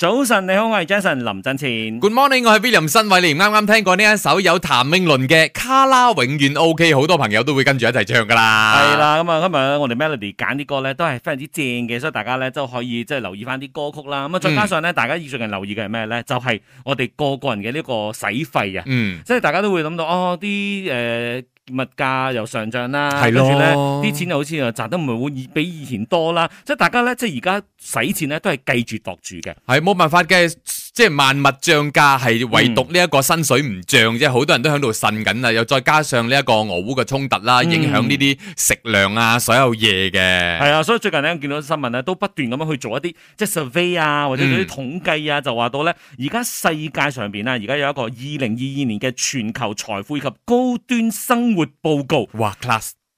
早晨，你好，我係 Jason 林振前。Good morning，我係 William 新偉。你啱啱聽過呢一首有譚詠麟嘅《卡拉永遠 OK》，好多朋友都會跟住一齊唱噶啦。係啦，咁啊今日我哋 Melody 揀啲歌咧都係非常之正嘅，所以大家咧都可以即係留意翻啲歌曲啦。咁啊再加上咧，嗯、大家以上日留意嘅係咩咧？就係、是、我哋個個人嘅呢個使費啊。嗯，即係大家都會諗到哦，啲誒。呃物價又上漲啦，係，跟住咧啲錢又好似啊，賺得唔係會比以前多啦，即係大家咧即係而家使錢咧都係計住度住嘅。係冇辦法嘅。即係萬物漲價，係唯獨呢一個薪水唔漲即係，好多人都喺度呻緊啦。又再加上呢一個俄烏嘅衝突啦，影響呢啲食糧啊，所有嘢嘅。係、嗯、啊，所以最近呢，見到新聞咧，都不斷咁樣去做一啲即係 survey 啊，或者嗰啲統計啊，嗯、就話到咧，而家世界上邊咧，而家有一個二零二二年嘅全球財富及高端生活報告。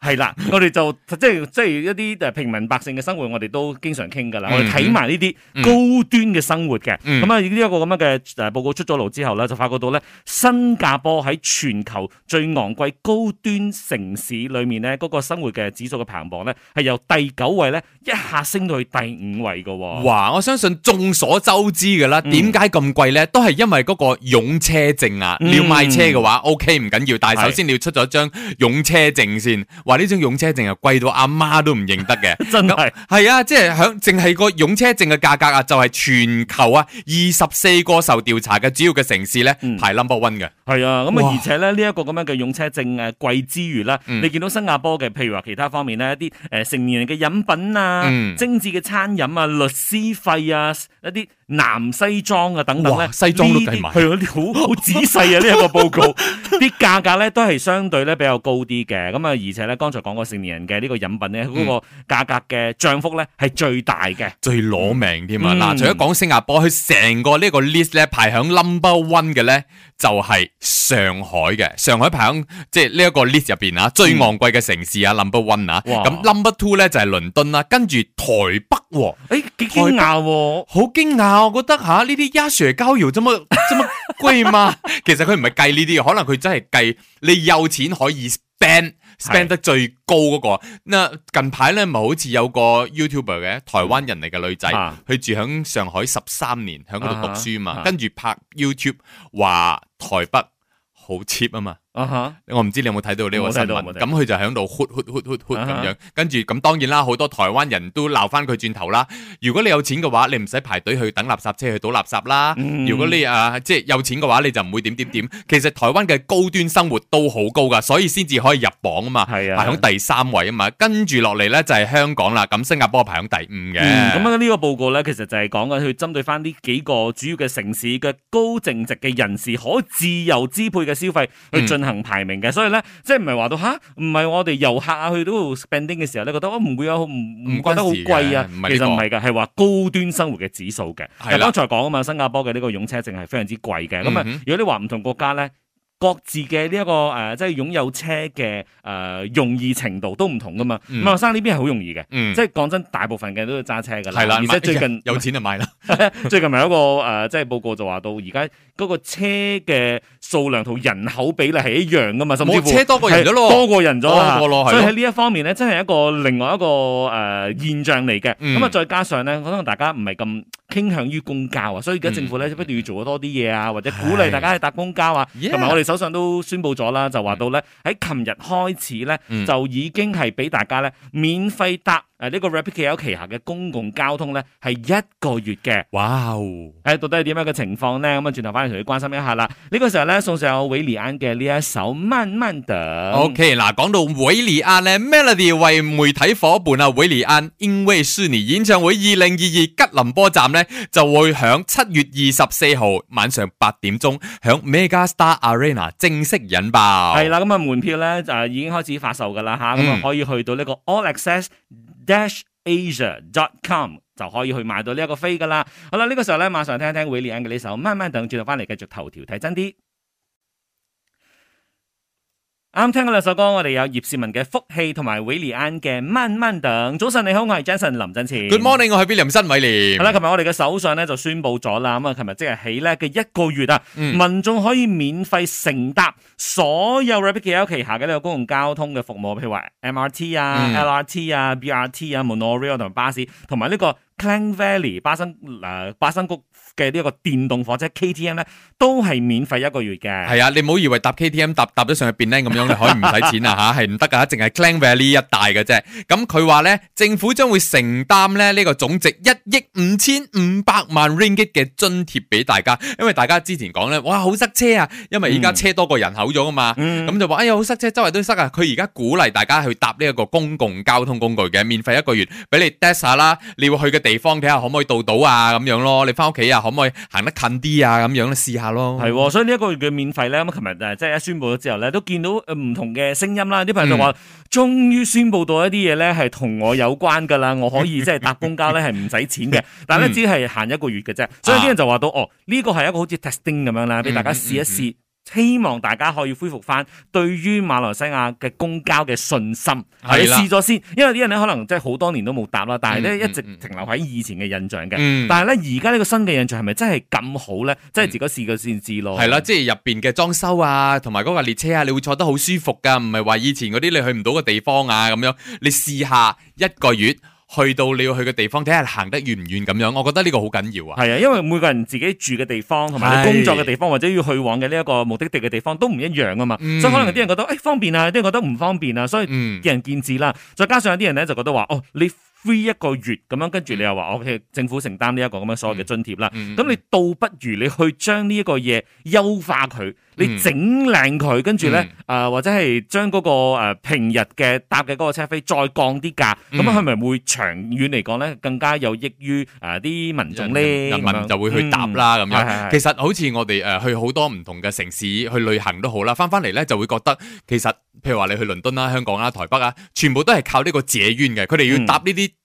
係啦，我哋就即係即係一啲誒平民百姓嘅生活，我哋都經常傾噶啦。嗯、我哋睇埋呢啲高端嘅生活嘅，咁啊呢一個咁樣嘅誒報告出咗爐之後咧，就發覺到咧，新加坡喺全球最昂貴高端城市裏面咧，嗰、嗰個生活嘅指數嘅排行榜咧，係由第九位咧一下升到去第五位嘅喎。哇！我相信眾所周知嘅啦，點解咁貴咧？都係因為嗰個擁車證啊！嗯、要買車嘅話，OK 唔緊要，但係首先你要出咗張擁車證先。呢張擁車證啊貴到阿媽都唔認得嘅， 真係的係是 啊，即係響淨係個擁車證嘅價格，嗯、啊，就係全球啊二十四個受調查嘅主要嘅城市咧排 number one 嘅，係啊，咁啊而且咧呢一個咁樣嘅擁車證誒貴之餘啦。哇你見到新加坡嘅，譬如話其他方面咧一啲誒成年人嘅飲品啊，嗯、精緻嘅餐飲啊，律師費啊，一啲男西裝啊等等咧，西裝都計埋，係啊，你好好仔細啊呢一個報告。 啲價格咧都係相對咧比較高啲嘅，咁啊而且咧，剛才講過成年人嘅呢個飲品咧嗰、嗯、個價格嘅漲幅咧係最大嘅，嗯、最攞命添啊！嗱、嗯，除咗講新加坡，佢成、嗯、個呢一個 list 咧排響 number one 嘅咧就係上海嘅，上海排響即係呢一個 list 入邊啊最昂貴嘅城市啊 number one 啊，咁 number two 咧就係倫敦啦，跟住台北喎，誒幾驚訝喎，好驚訝，我覺得嚇呢啲 Yasha 交遊怎麼貴嘛， 其實佢唔係計呢啲，可能佢真係計你有錢可以 spend 是 spend 得最高嗰個，嗱近排咧，咪好似有個 YouTuber 嘅台灣人嚟嘅女仔，佢、啊、住響上海十三年，響度讀書啊嘛，啊哈哈跟住拍 YouTube 話台北好 cheap 啊嘛。啊、uh huh。我唔知你有冇睇到呢個新聞？咁佢就喺度 hoothoothoothoot 咁樣，跟住咁當然啦，好多台灣人都鬧翻佢轉頭啦。如果你有錢嘅話，你唔使排隊去等垃圾車去倒垃圾啦。嗯、如果你啊，即係有錢嘅話，你就唔會點點點。其實台灣嘅高端生活都好高噶，所以先至可以入榜啊嘛，係啊排喺第三位啊嘛。跟住落嚟呢，就係香港啦，咁新加坡排喺第五嘅。咁啊呢個報告呢，其實就係講緊去針對翻呢幾個主要嘅城市嘅高淨值嘅人士可自由支配嘅消費去進行排名嘅，所以咧，即係唔係話到吓，唔係我哋遊客啊去到 spending 嘅時候咧，覺得我唔會有唔唔覺得好貴啊，這個、其實唔係嘅，係話高端生活嘅指數嘅。係剛才講啊嘛，新加坡嘅呢個擁車證係非常之貴嘅。咁啊、嗯哼，如果你話唔同國家咧。各自嘅呢一個誒、呃，即係擁有車嘅誒、呃、容易程度都唔同噶嘛。咁馬、嗯、生呢邊係好容易嘅，嗯、即係講真，大部分嘅都要揸車㗎啦。係啦的，而且最近有錢就買啦。 最近咪有一個誒，即、呃、係報告就話到而家嗰個車嘅數量同人口比例係一樣噶嘛，甚至乎係多過人咗。所以喺呢一方面咧，真係一個另外一個誒、呃、現象嚟嘅。咁啊、嗯，再加上咧，可能大家唔係咁。傾向於公交啊，所以而家政府咧就不斷要做多啲嘢啊，或者鼓勵大家去搭公交啊，同埋的我哋手上都宣布咗啦，就話到咧喺琴日開始咧，就已經係俾大家咧免費搭。誒呢、啊這個 Rapid KL 旗下嘅公共交通咧係一個月嘅，哇哦 Wow.、哎！到底係點樣嘅情況咧？咁、嗯、啊，轉頭翻嚟同你關心一下啦。呢、這個時候咧，送上韋禮安嘅呢一首《慢慢等》okay，啊。OK，嗱講到韋禮安咧，Melody 為媒體伙伴啊，韋禮安英威斯尼演唱會二零二二吉隆坡站咧，就會喺七月二十四號晚上八點鐘喺 Mega Star Arena 正式引爆。係啦，咁啊門票咧就已經開始發售噶啦吓，咁啊可以去到呢個 All Access。嗯 DashAsia.com 就可以去買到呢一個飛噶啦。好啦，呢個時候咧，馬上嚟聽一聽 William 嘅呢首《慢慢等》，轉頭翻嚟，繼續頭條睇真啲。啱啱聽過兩首歌，我哋有葉倩文嘅《福氣》同埋 Willie 維尼安嘅《慢慢等》早。早晨你好，我係 Jason 林振詞。Good morning，我係 William 新偉廉。係啦，琴日我哋嘅首相咧就宣布咗啦，咁啊，琴日即日起咧嘅一個月啊，嗯、民眾可以免費乘搭所有 Rapid Rail 旗下嘅呢個公共交通嘅服務，譬如話 MRT 啊、嗯、LRT 啊、BRT 啊、Monorail 同埋巴士，同埋呢個 Klang Valley 巴生嗱巴生谷。嘅呢一個電動火車 KTM 咧，TM，都係免費一個月嘅。係啊，你唔好以為搭 KTM 搭搭咗上去邊咧，咁樣你可以唔使錢 啊吓，係唔得噶，淨係 Clang Valley 一帶嘅啫。咁佢話咧，政府將會承擔咧呢、呢個總值一億五千五百萬 Ringgit 嘅津貼俾大家，因為大家之前講咧，哇好塞車啊，因為而家車多過人口咗噶嘛。咁、嗯、就話哎呀好塞車，周圍都塞啊。佢而家鼓勵大家去搭呢一個公共交通工具嘅，免費一個月俾你 test 下啦，你會去嘅地方睇下可唔可以到到啊咁樣咯，你翻屋企啊。可唔可以行得近啲啊？咁樣咧，試下咯。係，所以呢一個月嘅免費咧，咁啊，琴日即係一宣布咗之後咧，都見到唔同嘅聲音啦。啲朋友就話，終於宣布到一啲嘢咧，係同我有關噶啦。我可以即係搭公交咧，係唔使錢嘅。但係咧，只係行一個月嘅啫。所以啲人就話到，哦，呢個係一個好似 testing 咁樣啦，俾大家試一試。嗯希望大家可以恢復翻對於馬來西亞嘅公交嘅信心，係你試咗先試，因為啲人咧可能即係好多年都冇搭啦，但係咧一直停留喺以前嘅印象嘅，嗯嗯、但係咧而家呢個新嘅印象係咪真係咁好咧？即係自己試過先知咯，係啦，即係入邊嘅裝修啊，同埋嗰個列車啊，你會坐得好舒服噶，唔係話以前嗰啲你去唔到嘅地方啊咁樣，你試下一個月。去到你要去嘅地方，睇下行得遠唔遠咁樣，我覺得呢個好緊要啊。係啊，因為每個人自己住嘅地方同埋工作嘅地方，或者要去往嘅呢一個目的地嘅地方都唔一樣啊嘛。嗯、所以可能有啲人覺得誒、欸、方便啊，有啲人覺得唔方便啊，所以見仁見智啦。嗯、再加上有啲人咧就覺得話哦你。Live. free 一個月咁樣，跟住你又話 OK 政府承擔呢一個咁樣所有嘅津貼啦。咁、嗯、你倒不如你去將呢一個嘢優化佢，嗯、你整靚佢，跟住呢，誒、嗯、或者係將嗰個平日嘅搭嘅嗰個車飛再降啲價，咁係咪會長遠嚟講呢？更加有益於誒啲民眾呢人人？人民就會去搭啦咁、嗯、樣。嗯、其實好似我哋誒去好多唔同嘅城市去旅行都好啦，翻翻嚟呢，就會覺得其實譬如話你去倫敦啦、香港啦、台北啊，全部都係靠呢個捷運嘅，佢哋要搭呢啲。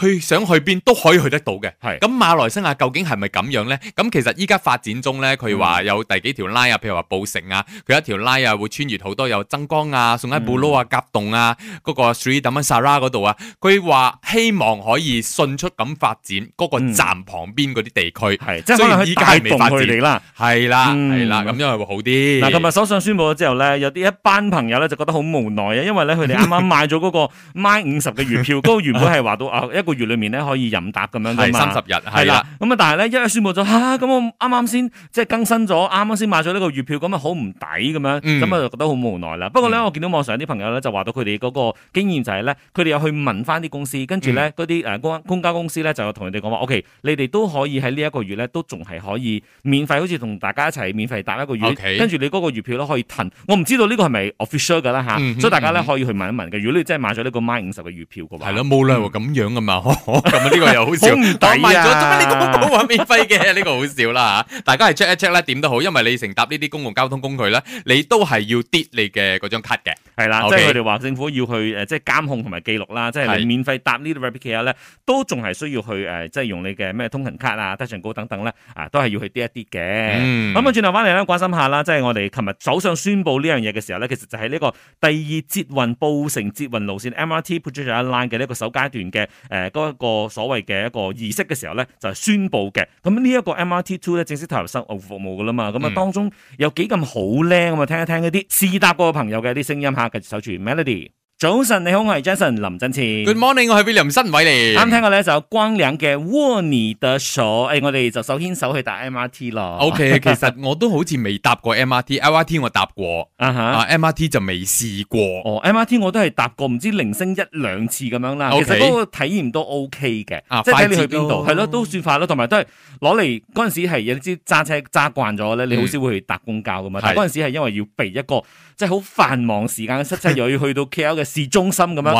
去想去邊都可以去得到嘅。係咁是，馬來西亞究竟係咪咁樣咧？咁其實依家發展中咧，佢話有第幾條拉 i 啊，譬如話布城啊，佢一條拉 i 啊會穿越好多有增江啊，送喺布魯啊、甲洞啊、嗰、那個 Three d a m a s a r a 嗰度啊。佢話希望可以迅速咁發展嗰個站旁邊嗰啲地區，係即係可能去帶動佢哋啦。係啦，係啦、嗯，咁因係會好啲。嗱，琴日首相宣布咗之後咧，有啲一班朋友咧就覺得好無奈啊，因為咧佢哋啱啱買咗嗰個買五十嘅月票，嗰 個原本係話到啊一。一個月裏面咧可以任搭咁樣嘅三十日係啦。咁、嗯嗯、啊，但係咧一宣布咗，吓咁我啱啱先即係更新咗，啱啱先買咗呢個月票，咁啊好唔抵咁樣，咁啊就覺得好無奈啦。不過咧，我見到網上有啲朋友咧就話到佢哋嗰個經驗就係咧，佢哋有去問翻啲公司，跟住咧嗰啲誒公公交公司咧就同佢哋講話，OK，你哋都可以喺呢一個月咧都仲係可以免費，好似同大家一齊免費搭一個月，跟住 Okay, 你嗰個月票都可以退。我唔知道呢個係咪 official 噶啦吓，啊嗯、哼所以大家咧可以去問一問嘅。如果你真係買咗呢個買五十嘅月票嘅話，係咯、嗯，冇理咁樣噶嘛。咁啊呢個又好笑， 抵啊、 我買咗做乜？你公共話免費嘅呢個好笑啦，大家係 check 一 check 咧，點都好，因為你乘搭呢啲公共交通工具咧，你都係要跌你嘅嗰張卡嘅，係啦了，Okay 即係佢哋話政府要去誒，即係監控同埋記錄啦，即係你免費搭呢啲 rapid 卡咧，是都仲係需要去誒、呃，即係用你嘅咩通勤卡啊、得上高等等咧，啊，都係要去跌一啲嘅。咁啊、嗯，轉頭翻嚟咧，關心下啦，即係我哋琴日首相宣布呢樣嘢嘅時候咧，其實就係呢個第二捷運布城捷運路線 MRT Putrajaya Line 嘅呢個首階段嘅誒。呃嗰一個所謂嘅一個儀式嘅時候咧，就係、是、宣佈嘅。咁呢一個 MRT Two 咧，正式投入新服務嘅啦嘛。咁啊，當中有幾咁好咧？咁啊，聽一聽一啲試搭過嘅朋友嘅一啲聲音吓，繼續守住 Melody。早晨，你好，我係 Jason 林振前。Good morning，我係 William 新偉。你啱聽過咧就有光良嘅握你的手，誒，我哋就手牽手去搭 MRT 咯。OK， 其實我都好似未搭過 MRT，LRT 我搭過、uh huh. uh,，MRT 就未試過。哦，MRT 我都係搭過，唔知零星一兩次咁樣啦。其實嗰個體驗都 OK 嘅，okay. 啊、即係睇你去邊度，係咯、啊啊，都算快咯。同埋都係攞嚟嗰陣時係有啲揸車揸慣咗咧，你好少會去搭公交噶嘛。嗰陣、嗯、時係因為要避一個即係好繁忙時間嘅塞車，又要去到 KL 嘅。 市中心咁樣，一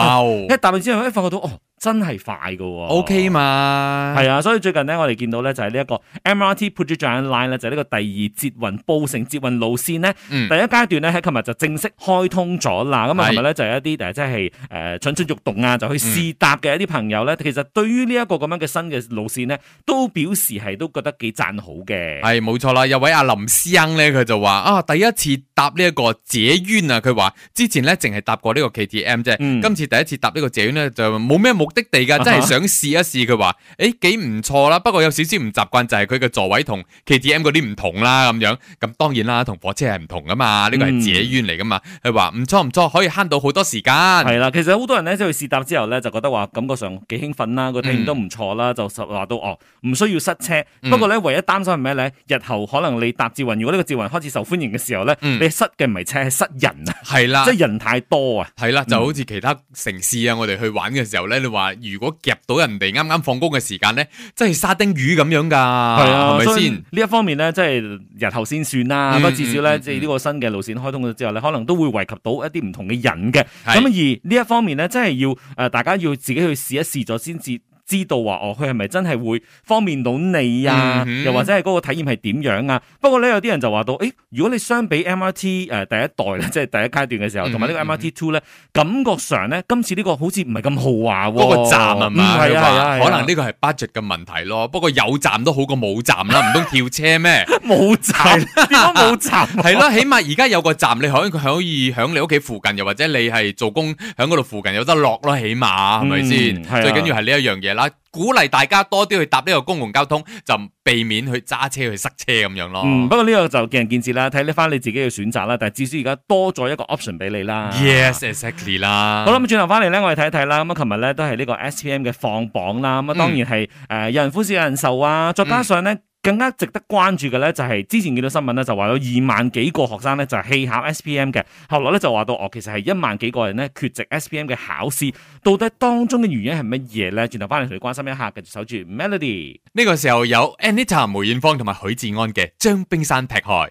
Wow. 搭完之後咧，發覺到哦，真係快噶、哦，OK 嘛，係啊，所以最近呢，我哋見到咧，就係呢一個 MRT Putrajaya 咧，就呢個第二捷運布城捷運路線咧，嗯、第一階段呢，喺琴日就正式開通咗啦。咁啊、嗯，琴日咧就有、是、一啲誒，即係誒蠢蠢欲動啊，就去試搭嘅一啲朋友咧，其實對於呢一個咁樣嘅新嘅路線呢，都表示係都覺得幾讚好嘅。係冇錯啦，有位阿林師兄呢，佢就話啊，第一次搭呢一個捷運啊，佢話之前呢，淨係搭過呢個 M 啫，嗯、今次第一次搭呢個捷運呢，就冇咩目的地噶，啊、哈真係想試一試。佢話誒，幾唔錯啦，不過有少少唔習慣，就係佢嘅座位 K 同 K T M 嗰啲唔同啦。咁樣咁當然啦，同火車係唔同噶嘛，呢個係捷運嚟噶嘛。佢話唔錯唔錯，可以慳到好多時間。係啦、嗯，其實好多人呢，即係試搭之後呢，就覺得話感覺上幾興奮啦，個體驗都唔錯啦。就實話都哦，唔需要塞車。嗯、不過呢，唯一擔心係咩呢？日後可能你搭捷運，如果呢個捷運開始受歡迎嘅時候呢，嗯、你塞嘅唔係車，係塞人啊。係啦，即係人太多啊。係啦。 太多就好似其他城市啊，我哋去玩嘅時候咧，你話如果夾到人哋啱啱放工嘅時間咧，即係沙丁魚咁樣噶，係啊，係咪先？呢一方面咧，即係日後先算啦，啊。嗯、不過至少咧，嗯嗯、即係呢個新嘅路線開通咗之後咧，可能都會惠及到一啲唔同嘅人嘅。咁係而呢一方面咧，真係要誒、呃，大家要自己去試一試咗先至。知道話哦，佢係咪真係會方便到你啊？嗯、哼又或者係嗰個體驗係點樣啊？不過咧，有啲人就話到誒，如果你相比 MRT 誒第一代咧，即係第一階段嘅時候，同埋呢個 MRT Two 咧，感覺上咧今次呢個好似唔係咁豪華嗰個站、嗯、啊嘛，唔、啊啊、可能呢個係 budget 嘅問題咯。不過有站都好過冇站啦，唔通 跳車咩？冇站點解冇站？係咯、啊 啊，起碼而家有個站，你可佢可以喺你屋企附近，又或者你係做工喺嗰度附近有得落咯，起碼係咪先？最緊要係呢一樣嘢。鼓勵大家多啲去搭呢個公共交通，就避免去揸車去塞車咁樣咯。嗯，不過呢個就見仁見智啦，睇翻你自己嘅選擇啦。但係至少而家多咗一個 option 俾你啦。Yes, exactly 啦。好啦，咁轉頭翻嚟咧，我哋睇一睇啦。咁啊，琴日咧都係呢個 SPM 嘅放榜啦。咁啊，當然係誒、嗯呃，有人歡喜有人愁啊。再加上咧。嗯更加值得關注嘅咧，就係之前見到新聞咧，就話有二萬幾個學生咧，就係棄考 S P M 嘅。後來咧就話到哦，其實係一萬幾個人咧缺席 S P M 嘅考試，到底當中嘅原因係乜嘢咧？轉頭翻嚟同你關心一下，繼續守住 Melody。呢個時候有 Anita、梅艷芳同埋許志安嘅將冰山劈開。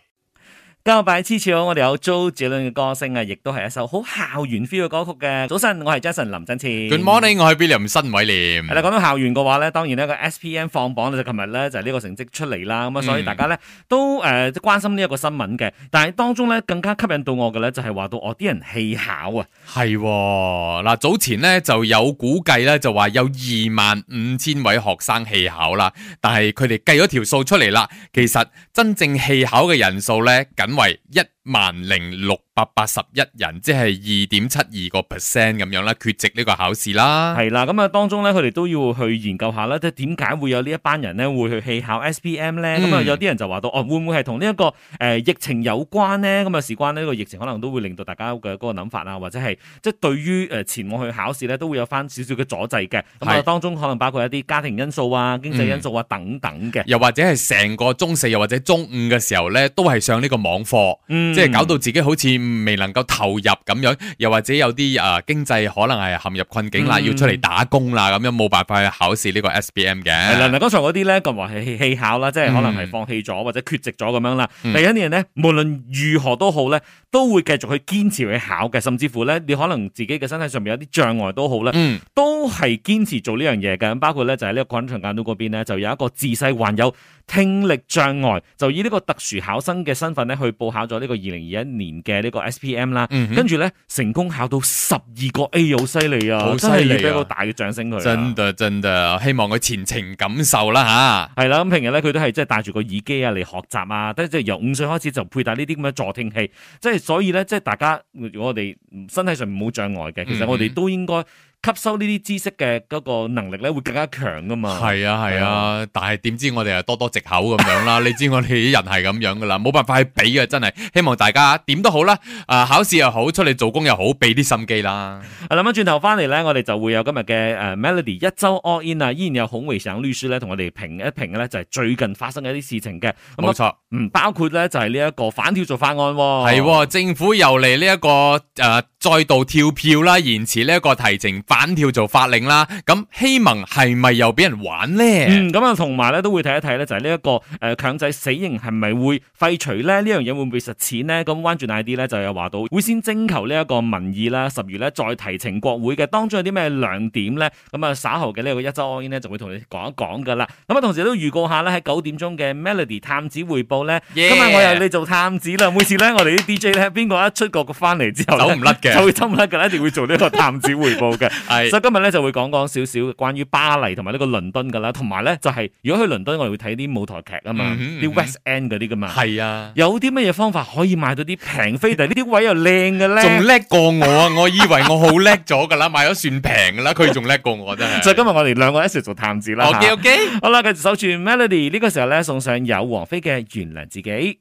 交拜，支持我哋有 Joel 嘅歌聲啊！亦都係一首好校園 feel 嘅歌曲嘅。早晨，我係 Jason 林振超。Good morning，我係 William 林新偉廉。係啦，講到校園嘅話咧，當然呢個 S P M 放榜就琴日咧就呢個成績出嚟啦。咁啊，所以大家咧都誒、嗯呃、關心呢一個新聞嘅。但係當中咧更加吸引到我嘅咧就係話到我啲人棄考啊。係嗱、哦，早前呢，就有估計咧就話有二萬五千位學生棄考啦。但係佢哋計咗條數出嚟啦，其實真正棄考嘅人數咧為一。1. 萬零六百八十一人，即係二點七二個 percent 咁樣啦，缺席呢個考試啦。係啦，咁啊當中咧，佢哋都要去研究下啦，即係點解會有一呢一班人咧會去棄考 S P M 咧？咁啊、嗯、有啲人就話到，哦會唔會係同呢一個誒、呃、疫情有關咧？咁啊事關呢、呢個疫情，可能都會令到大家嘅嗰個諗法啊，或者係即係對於誒前往去考試咧，都會有翻少少嘅阻滯嘅。咁啊當中可能包括一啲家庭因素啊、經濟因素啊、嗯、等等嘅。又或者係成個中四又或者中五嘅時候咧，都係上呢個網課。嗯。即係搞到自己好似未能夠投入咁樣，又或者有啲誒、呃、經濟可能係陷入困境啦，嗯、要出嚟打工啦咁樣，冇辦法去考試呢個 S.B.M 嘅。嗱嗱，剛才嗰啲咧咁話係棄考啦，即係可能係放棄咗或者缺席咗咁樣啦。第一年呢，咧，無論如何都好咧，都會繼續去堅持去考嘅，甚至乎咧，你可能自己嘅身體上面有啲障礙都好咧，嗯、都係堅持做呢樣嘢嘅。包括咧就係呢個廣場間度嗰邊咧，就有一個自細患有聽力障礙，就以呢個特殊考生嘅身份咧去報考咗呢個。二零二一年嘅呢個 S P M 啦，跟住咧成功考到十二個 A，好犀利啊！啊真係要俾個大嘅掌聲佢。真的，真的，真的，希望佢前程錦繡啦吓。係啦、嗯哼，咁平日咧佢都係即係戴住個耳機啊嚟學習啊，即係由五歲開始就佩戴呢啲咁嘅助聽器，即係所以咧即係大家我哋身體上冇障礙嘅，其實我哋都應該。吸收呢啲知識嘅嗰個能力咧，會更加強噶嘛？係啊係啊，啊吧但係點知我哋又多多藉口咁樣啦？ 你知我哋啲人係咁樣噶啦，冇辦法去俾啊！真係希望大家點都好啦，啊考試又好，出嚟做工又好，俾啲心機啦。啊諗翻轉頭翻嚟咧，我哋就會有今日嘅誒、啊、Melody 一周 All In 啊，依然有孔維成律師咧同我哋評一評咧，就係、是、最近發生嘅一啲事情嘅。冇錯錯，嗯，包括咧就係呢一個反跳槽法案、哦、係、啊、政府又嚟呢一個誒、呃、再度跳票啦，延遲呢一個提呈。反跳做法令啦，咁希盟係咪又俾人玩咧？嗯，咁啊，同埋咧都會睇一睇咧，這個，就呢一個誒強制死刑係咪會廢除咧？呢樣嘢會唔會實踐咧？咁彎轉耐啲咧，就有話到會先徵求呢一個民意啦，十月咧再提呈國會嘅，當中有啲咩亮點咧？咁啊稍後嘅呢個一周安煙咧就會同你講一講噶啦。咁啊同時都預告下咧喺九點鐘嘅 Melody 探子匯報咧，Yeah. 今日我又嚟做探子啦。每次咧 我哋啲 DJ 咧，邊個一出國個翻嚟之後走唔甩嘅， 就會走唔甩嘅，一定會做呢個探子匯報嘅。係，所以、so, 今日咧就會講講少少關於巴黎同埋呢個倫敦噶啦，同埋咧就係、是、如果去倫敦我哋會睇啲舞台劇啊嘛，啲、嗯嗯、West End 嗰啲噶嘛。係啊，有啲乜嘢方法可以買到啲平飛，但呢啲位又靚嘅咧，仲叻過我啊！我以為我好叻咗噶啦， 買咗算平噶啦，佢仲叻過我真係。所以、 so, 今日我哋兩個一齊做探子啦。OK, OK，好啦，繼續守住 Melody 呢個時候咧，送上有王菲嘅原諒自己。